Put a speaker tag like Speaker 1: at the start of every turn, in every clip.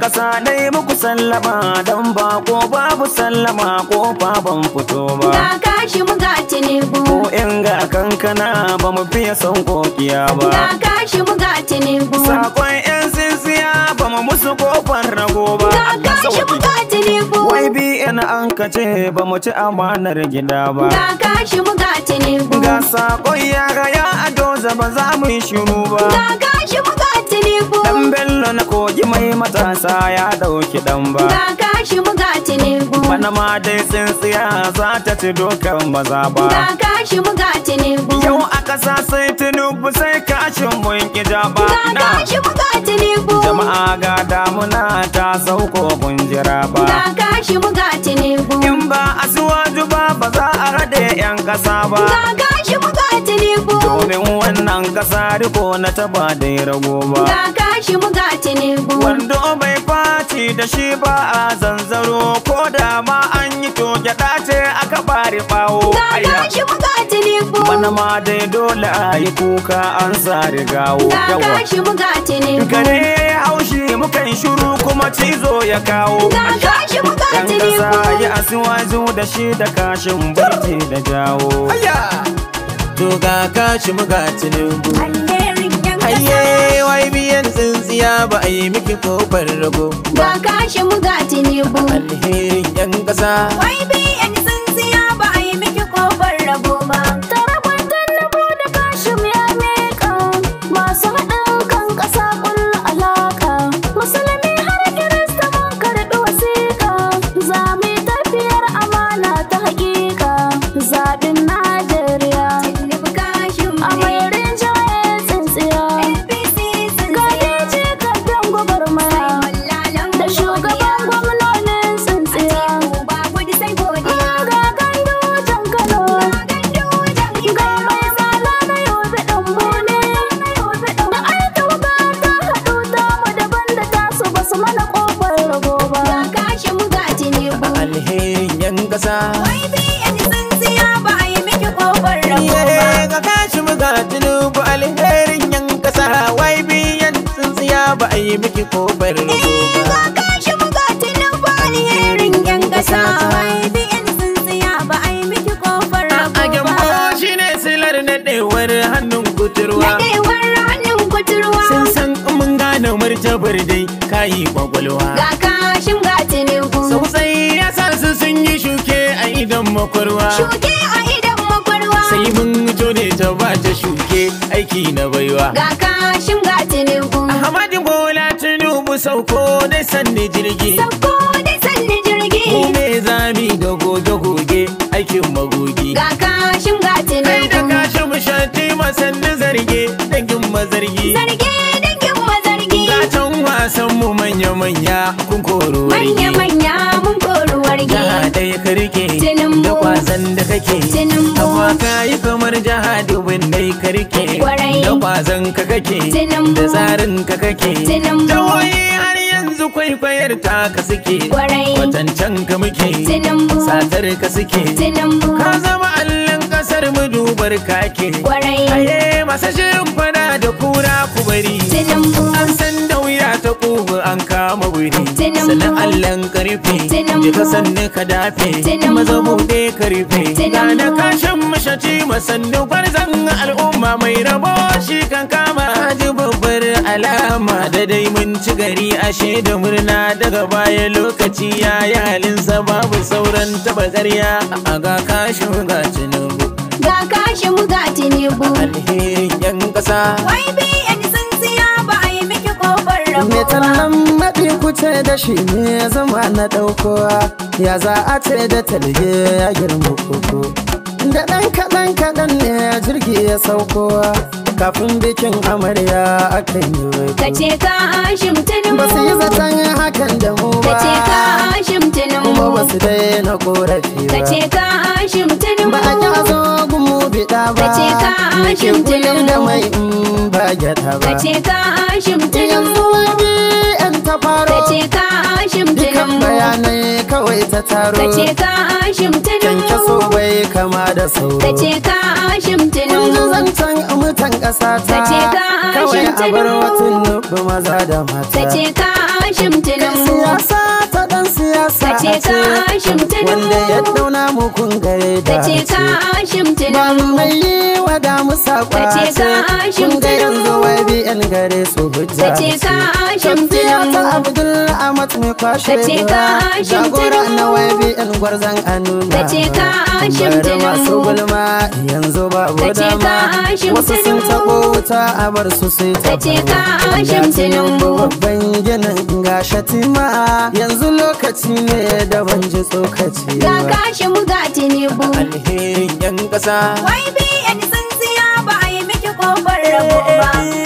Speaker 1: kasa dai muku sallama don ba ko babu sallama ko baban fito ba. Ga kashi muga tinubu. Ko in ga kankana ba mu fiye son kokiya ba. Ga
Speaker 2: kashi muga tinubu. Sakon
Speaker 1: 'yan sinsiya ba mu musu kofar rago ba. Ga kashi muga tinubu. Wai bi ina an kace ba mu ci amanar gida ba. Ga kashi muga tinubu. Ga sakon yara ya ado ba za mu yi shiru ba. Dan bello na kogi mai matasa ya dauki dan ba. Ga kashi muga tinubu. Bana ma dai tsintsiya za ta ci dokan maza ba. Ga
Speaker 2: kashi muga
Speaker 1: tinubu. Yau a ƙasa sai tinubu sai kashin mun ki ba. Ga kashi muga tinubu. Jama'a ga damuna ta sauko mun jira ba. Ga kashi muga tinubu. In ba asuwaju ba ba za a rade 'yan kasa ba. Ga kashi muga domin wannan kasa riko na taba da ya rago ba ga kashi muga tinubu wando bai faci da shi ba a zanzaro ko da ma an yi to gyada ce aka bari bawo ga kashi muga tinubu bana ma dai dole a yi kuka an sari gawo ga kashi muga tinubu gare haushi mukan shiru kuma cizo ya kawo ga kashi muga tinubu dan kasa ya asiwazu da shi da kashin burki da jawo
Speaker 3: to ga kashi ga tinubu Ayye wai biyan tsintsiya ba a yi miki kofar rago
Speaker 2: Ga kashi ga tinubu
Speaker 3: Alherin
Speaker 2: yan ƙasa Wai biyan
Speaker 3: alherin yan kasa ga kashi muga tunubu alherin yan kasa wai biyan tsintsiya ba a yi miki kobar rubu ba ga kashi muga tunubu alherin yan kasa wai
Speaker 4: biyan tsintsiya ba a yi miki kobar rubu ba a gyambo shi ne silar naɗewar
Speaker 3: hannun kuturwa naɗewar
Speaker 5: hannun kuturwa
Speaker 4: sun
Speaker 3: san mun gane martabar dai kayi kwakwalwa
Speaker 2: idan makwarwa shuke a
Speaker 3: idan makwarwa sai mun jo ne ta ba ta shuke aiki na baiwa ga kashin ga tinubu ahmadu bola tinubu sauko dai sanni jirgi sauko dai sanni jirgi mu me zami da goge goge aikin magogi ga
Speaker 2: kashin ga tinubu kai da kashin
Speaker 3: mushanti masanni zarge dangin mazargi zarge dangin mazargi ga can wasan mu manya manya kun koro manya manya da kwazan
Speaker 6: da kake amma ka yi
Speaker 3: kamar jihadi windai yi karke. da kwazan ka kake da tsarin ka kake jawoyi har yanzu kwaikwayar ta ka suke watancan ka muke satar ka suke ka zama allon kasar mu dubar kake aye masa shirin fada da kura kubari an san da ta an kama wuri sanin allan karfe ji ka sannu ka dafe maza bude karfe na kashin mashaci masannu gwarzan al'umma mai rabo shi kan kama haji babbar alama da dai mun ci gari ashe da murna daga baya lokaci ya yi halinsa babu sauran taba karya a ga kashin ga tinubu ga kashin
Speaker 2: ga tinubu alherin yan kasa
Speaker 7: me tallan maɗi kuce da shi ne ya zama na ɗaukowa ya za a ce da talge ya girma koko da ɗan kaɗan kaɗan ne jirgi ya saukowa kafin bikin amarya kan yi wai ka ce ka
Speaker 2: hashim tunin ba su yi zaton hakan da mu ba ka ce ka hashim tunin mu ba su
Speaker 7: daina korafi ba ka ce
Speaker 2: ka hashim tunin mu ba a ki azo gumu biɗa
Speaker 5: ba ka ce ka hashim tunin da mai
Speaker 7: in ba gyaɗa ba ka ce
Speaker 5: ka hashim tunin mu
Speaker 7: wani yan ta faro ka ce ka hashim tunin mu bayanai kawai ta taro ka ce ka hashim tunin mu kyankyaso bai kama da sauro ka ce ka hashim ƙasa ta kawai a bar watan nubu maza da mata. Sace ka Hashim Tinubu. ce ka hashim tudu wanda ya dauna mu kun gare da ce ka
Speaker 2: mu yi
Speaker 7: wa da mu ce ka kun ga yanzu wai bi yan gare su hujja ce ka ta amat mai kwashe ce ka jagora na wai bi yan gwarzan anuna ce ka masu gulma yanzu ba dama wasu sun tabo wuta a bar su sai ta ce ka babban ginin ga yanzu lokaci ne da ban ji tsokaci ga
Speaker 2: kashi mu ga bu
Speaker 7: alherin yan kasa
Speaker 2: wai bi yan
Speaker 4: sun siya ba a yi miki kofar rabo ba
Speaker 1: eh,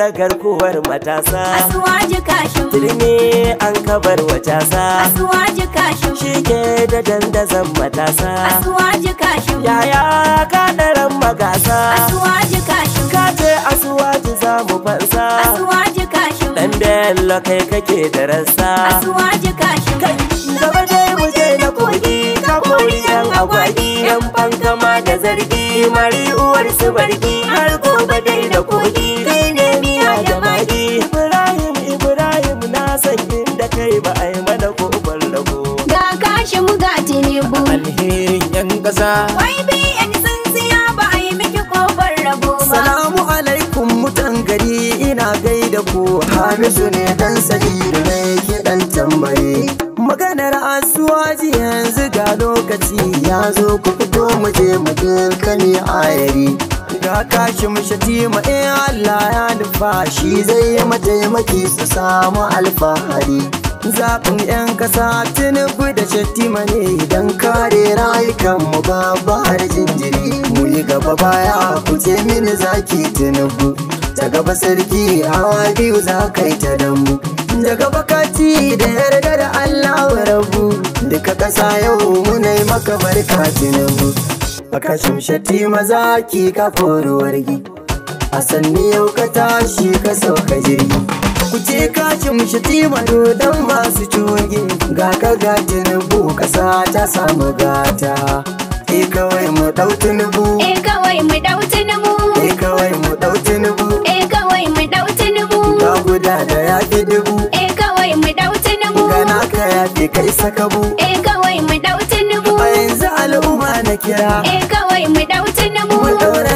Speaker 1: kulla garkuwar matasa asuwaji kashin turmi an kabar matasa asuwaji kashin shike da dandazan matasa asuwaji
Speaker 2: kashin yaya
Speaker 1: kadaran magasa asuwaji
Speaker 2: kashin kace asuwaji za mu fansa asuwaji kashin dan
Speaker 1: bello kai kake
Speaker 6: da rassa asuwaji kashin kai gaba dai mu je na kogi ka kori yan agwagi yan fankama da zargi mari uwar su bargi har gobe dai da kogi kai
Speaker 1: ba a yi mana kofar rago
Speaker 2: ga kashi mu ga tinubu alherin yan kasa ybn sun siya ba a yi miki ko ballago
Speaker 6: ba salamu alaikum mutan gari ina gaida ku hamisu ne dan da ne kiɗan tambaye maganar asuwaji yanzu ga lokaci ya zo ku fito mu je mu a ayari ga kashi shatima eh Allah ya nufa shi zai yi mataimaki su samu alfahari zaɓin 'yan ƙasa tinubu da shattima ne don kare rayukanmu ba ba har jinjiri mu yi gaba baya ku ce mini zaki tinubu ta gaba sarki hawa biyu za ka yi ta damu. da gaba da yarda da allah rabu duka ƙasa yau muna yi maka barka tinubu baka shimshati maza ki ka gi a sanni yau ka tashi ka sauka jirgi ku ce kashin shiti mado don masu coge ga ka ga tinubu kasa ta samu gata e kawai mu dau tinubu
Speaker 5: e kawai mu dau tinubu
Speaker 6: e kawai mu dau tinubu
Speaker 5: e kawai mu dau tinubu ga
Speaker 6: guda da ya dubu
Speaker 5: e kawai mu dau tinubu na ka
Speaker 6: ya fi kai bu.
Speaker 5: e kawai mu dau tinubu a yanzu al'umma na kira e kawai mu dau tinubu mu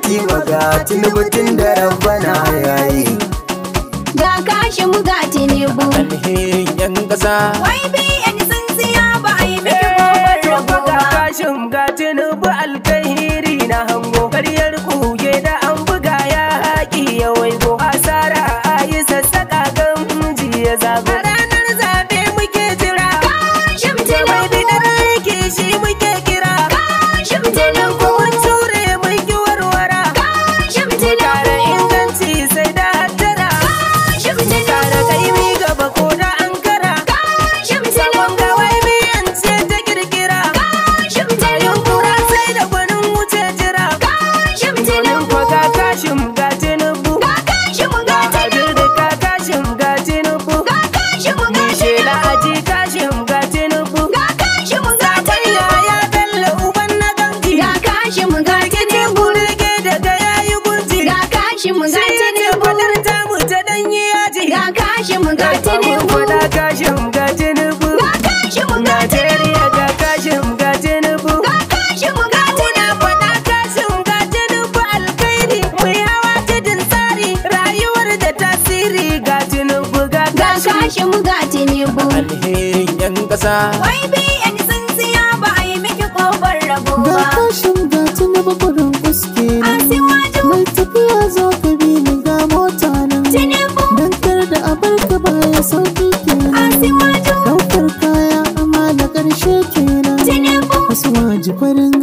Speaker 6: tiwa maga tinubu tun da rabbana yayi
Speaker 2: ga kashi mu ga tinubu alherin yan ƙasa. wai
Speaker 5: tinubu na kashin ga tinubu na kashin ga tinubu ga kashin ga tinubu ga kashin ga tinubu
Speaker 2: na kashin ga tinubu alkhairi mu yawa tsari rayuwar da tasiri ga tinubu ga kashin ga
Speaker 3: tinubu
Speaker 2: kasa wai
Speaker 5: Asiwaju. Ɗaukar kaya amma da ƙarshe kenan. Tinubu. Asiwaju farin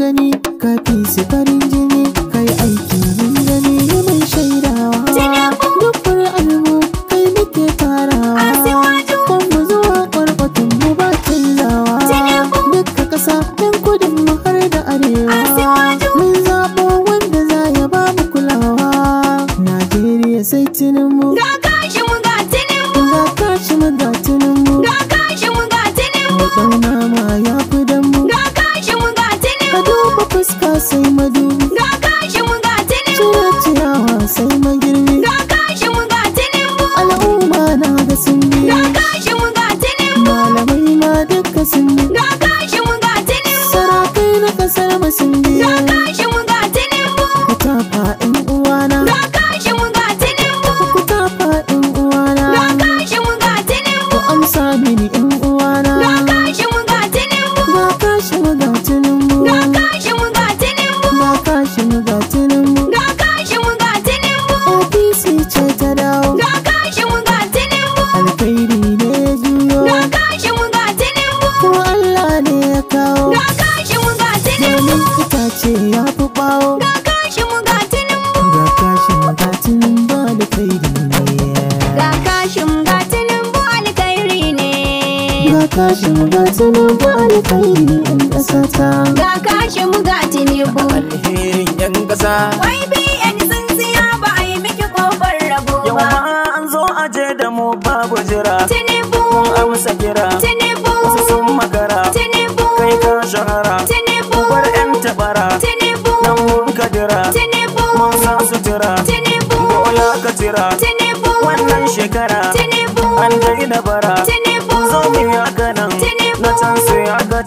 Speaker 3: alfahiri ɗan ƙasa ta. Ga
Speaker 2: kashe mu ga tinebu.
Speaker 1: Alherin ɗan ƙasa.
Speaker 2: Wai BN sun siya ba a yi miki kofar rabo
Speaker 4: ba. Yau ma
Speaker 1: an zo aje da mu babu jira. Tinebu. Mun amsa kira. Tinebu. Wasu sun makara. Tinebu. Kai ka shahara. Tinebu. Bar 'yan tabara. Tinebu. Nan mun ka kadira. Tinebu. Mun san sutura. Tinebu. Bola ka tira. Tinebu. Wannan shekara. Tinebu. An kai da bara. Tinebu.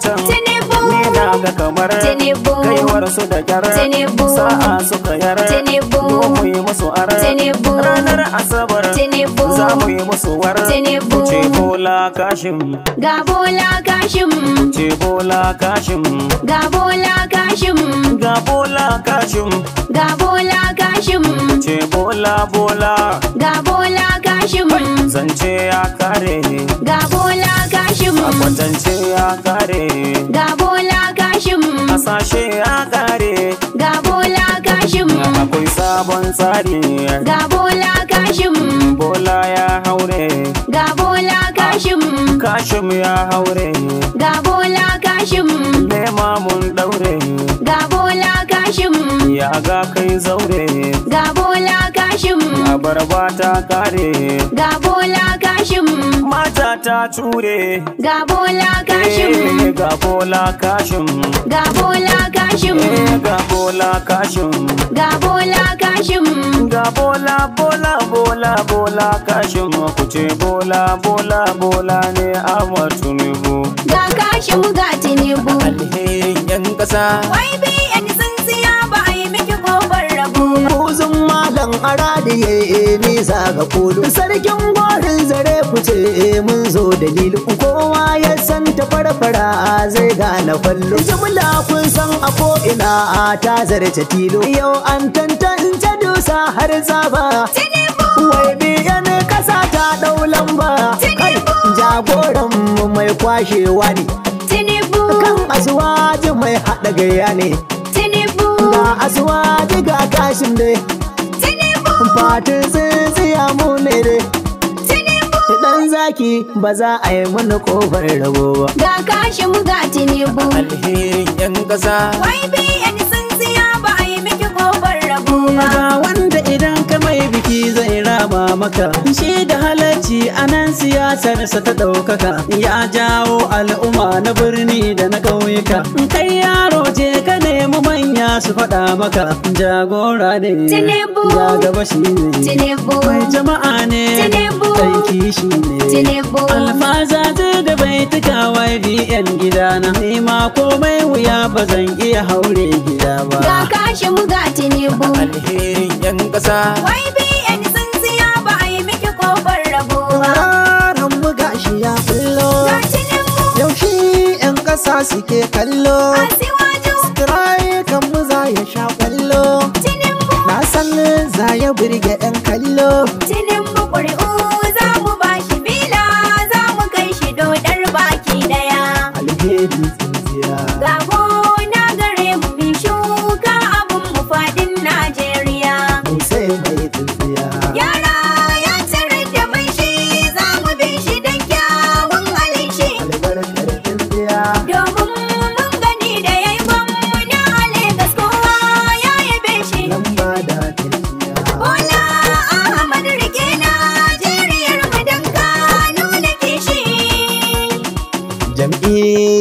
Speaker 1: Tinibu! ni na ga kamar kaiwar su da Tinibu! sa'a suka Tinibu! mu yi musu Tinibu! ranar asabar za mu yi musu war ce bola kashim ga bola kashim ce bola kashim
Speaker 5: ga bola kashim ga
Speaker 1: bola kashim
Speaker 5: ga bola kashim
Speaker 1: ce bola bola
Speaker 5: ga bola gashimin
Speaker 1: zance ya kare
Speaker 5: ga bola
Speaker 1: gashimin kwatance ya kare
Speaker 5: ga bola gashimin kasashe ya kare ga bola
Speaker 1: gashimin akwai sabon tsari ga bola gashimin bola ya haure
Speaker 5: ga bola
Speaker 1: gashimin kashim ya haure
Speaker 5: ga bola gashimin nema mun daure ga bola gashimin kashim
Speaker 1: ya ga kai zaure
Speaker 5: ga bola kashim
Speaker 1: abarba ta kare
Speaker 5: ga bola kashim mata ta ture ga bola kashim eh,
Speaker 1: ga bola kashim
Speaker 5: ga bola kashim
Speaker 1: eh, ga bola kashim
Speaker 5: ga bola kashim
Speaker 1: ga bola bola bola bola kashim ku ce bola bola bola ne ne bu ga kashim ga tinibu. alherin yan kasa
Speaker 2: wai
Speaker 6: aradiye ni ga kolo. sarkin gorin zare fice mun zo dalilu kowa ya san ta farfara zai gane kwallo jimla kun san a ko ina ta zarce tilo yau an tantance dusa har zaba wai biyan kasa ta dau lamba jagoran mu mai kwashewa ne kan asuwaji mai haɗa gaya ne ga asuwaji ga kashin dai fatin tsintsiya
Speaker 7: mu ne dai dan zaki ba za a yi mana kofar rabo
Speaker 2: ba ga kashi mu ga tinubu alherin yan kasa sun
Speaker 4: tsintsiya ba a yi miki kofar
Speaker 1: rabo ba wanda idan ka mai biki zai raba maka shi da halarci a nan siyasarsa ta ɗaukaka ya jawo
Speaker 7: al'umma na birni da na ƙauyuka kai yaro je mu manya su faɗa maka jagora ne Tinubu. ya gaba shi ne Tinubu. mai jama'a ne Tinubu. ɗan kishi ne Tinubu. alfaza ta da bai tuka ybn gida na ma komai wuya ba zan iya haure gida ba
Speaker 1: ga kashi mu ga tinubu alherin yan ƙasa
Speaker 5: ybn
Speaker 4: sun siya ba
Speaker 6: a yi
Speaker 7: miki kofar rabo
Speaker 6: ba mu
Speaker 7: gashi ya yau yaushe yan ƙasa suke
Speaker 6: kallo
Speaker 7: Right. ya sha kwallo na san za ya burge ɗan kallo tinin
Speaker 5: mu ƙuri'u za mu ba shi bila za mu kai shi dodar baki
Speaker 4: daya
Speaker 6: alheri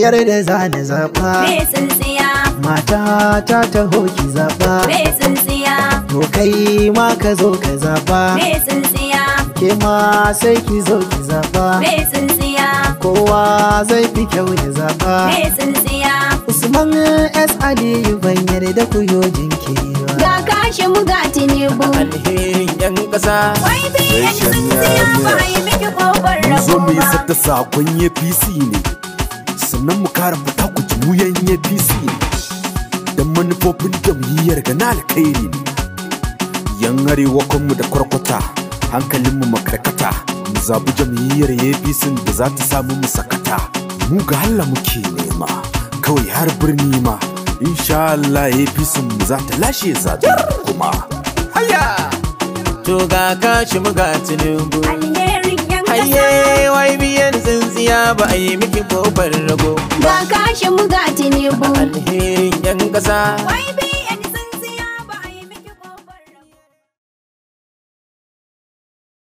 Speaker 7: yar da za na zaba. Me
Speaker 4: tsintsiya.
Speaker 7: Mata ta taho ki zaba. Me
Speaker 2: tsintsiya.
Speaker 7: To kai ma ka zo ka zaba. Me tsintsiya. Ke ma sai ki zo ki zaba. Me tsintsiya. Kowa zai fi kyau da zaba. Me tsintsiya. Usman S. Aliyu ban yarda ku
Speaker 2: yo jinkiri ba. Ga kashe mu ga Tinubu. Alherin 'yan kasa Wai bi
Speaker 6: yan tsintsiya ba yi miki
Speaker 2: kokon
Speaker 4: rabu Zo
Speaker 6: mu mai sata sakon si ne. sannan mu kara fita ku ji wuyan apc ne don manufofin jam'iyyar ga na alkhairi ne yan arewa kanmu da kwarkwata hankalinmu makarkata mu zabi jam'iyyar apc da za ta samu mu sakata mu ga halla muke nema kawai har birni ma insha Allah apc mu za ta lashe zaɓe kuma haya to ga muga
Speaker 3: tinubu alherin aye wai biyan tsintsiya ba a yi miki kofar rago.
Speaker 2: Ba kashin muga tinubu. Alherin 'yan ƙasa.